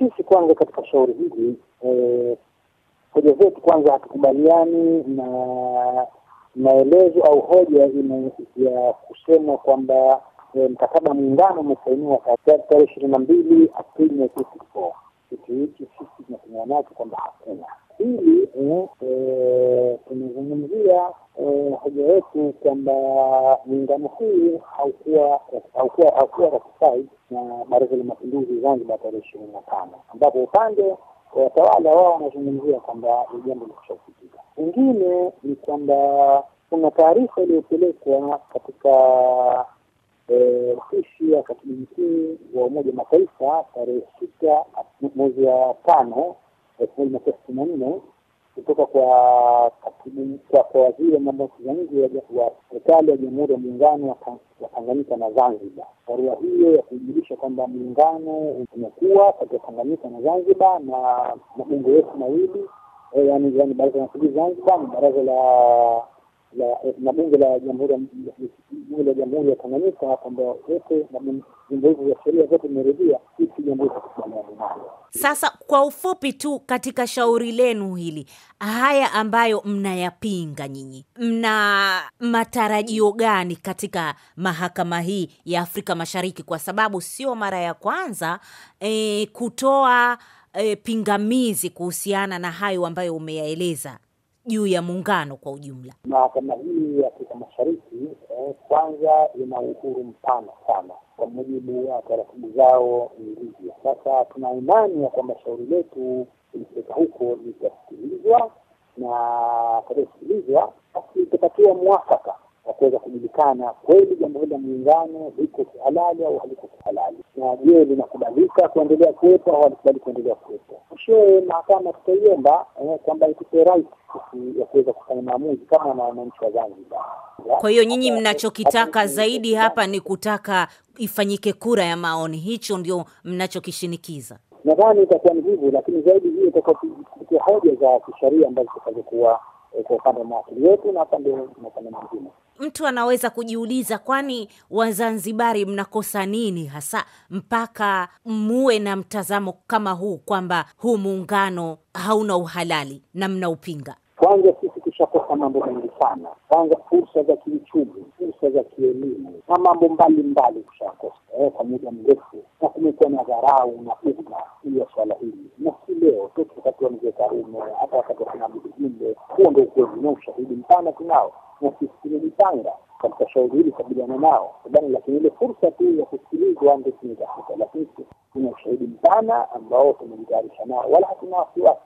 sisi kwanza katika shauri hili e, hoja zetu kwanza hatukubaliani na maelezo au hoja ya kusemwa kwamba e, mkataba muungano umesainiwa tarehe ishirini na mbili Aprili. Sisi sisi tunasema nacho kwamba hakuna Pili eh, eh, tumezungumzia eh, hoja yetu kwamba muungano huu haukuwa haukuwa ratified na Baraza la Mapinduzi Zanzibar tarehe ishirini na tano ambapo upande watawala wao wanazungumzia kwamba ni jambo likushafikika. Wengine ni kwamba kuna taarifa iliyopelekwa katika ofisi ya katibu mkuu wa Umoja Mataifa tarehe sita mwezi wa tano elfu moja mia tisa sitini na nne kutoka kwa katibu kwa waziri wa mambo ya nje wa serikali ya Jamhuri ya Muungano wa Tanganyika na Zanzibar. Barua hiyo ya kujulisha kwamba muungano umekuwa kati ya Tanganyika na Zanzibar na mabunge yetu mawili yaani yaani baraza la mapinduzi Zanzibar na baraza la la eh, na bunge la jamhuri la jamhuri ya Tanganyika, kwamba wote vyombo hivyo vya sheria vyote vimeridhia sisi jambo sasa kwa ufupi tu, katika shauri lenu hili, haya ambayo mnayapinga nyinyi, mna matarajio gani katika mahakama hii ya Afrika Mashariki? Kwa sababu sio mara ya kwanza e, kutoa e, pingamizi kuhusiana na hayo ambayo umeyaeleza juu ya muungano kwa ujumla. Mahakama hii ya Afrika Mashariki eh, kwanza ina uhuru mpana sana kwa mujibu wa taratibu zao ilivyo. Sasa tuna imani ya kwamba shauri letu ilipeleka huko litasikilizwa, na atakaosikilizwa basi itatakiwa mwafaka wa kuweza kujulikana kweli jambo hili la muungano liko kihalali au haliko kihalali, na je, linakubalika kuendelea kuwepo au halikubali kuendelea kuwepo. Mwishowe mahakama tutaiomba eh, kwamba itupe right ya kuweza kufanya maamuzi kama na wananchi wa Zanzibar. Kwa hiyo nyinyi mnachokitaka zaidi hapa ni kutaka ifanyike kura ya maoni, hicho ndio mnachokishinikiza? Nadhani itakuwa ni hivyo, lakini zaidi hiyo itakuwa hoja za kisheria ambazo zitakazokuwa eh, kwa upande wa mawakili wetu na upande na upande mwingine. Mtu anaweza kujiuliza, kwani Wazanzibari mnakosa nini hasa mpaka muwe na mtazamo kama huu kwamba huu muungano hauna uhalali na mnaupinga? Kwanza si tushakosa mambo mengi sana. Kwanza fursa za kiuchumi, fursa za kielimu na mambo mbalimbali tushakosa eh, kwa muda mrefu, na kumekuwa na dharau na fuga juu ya swala hili, na si leo toka wakati wa mzee Karume, hata wakati wakina kina Huo ndo ukweli na ushahidi mpana tunao, na sisi tumejipanga katika shauri hili kabiliana nao lakini ile fursa tu ya kusikilizwa ndio tunaitafuta, lakini tuna ushahidi mpana ambao tumejitayarisha nao, wala hatuna wasiwasi.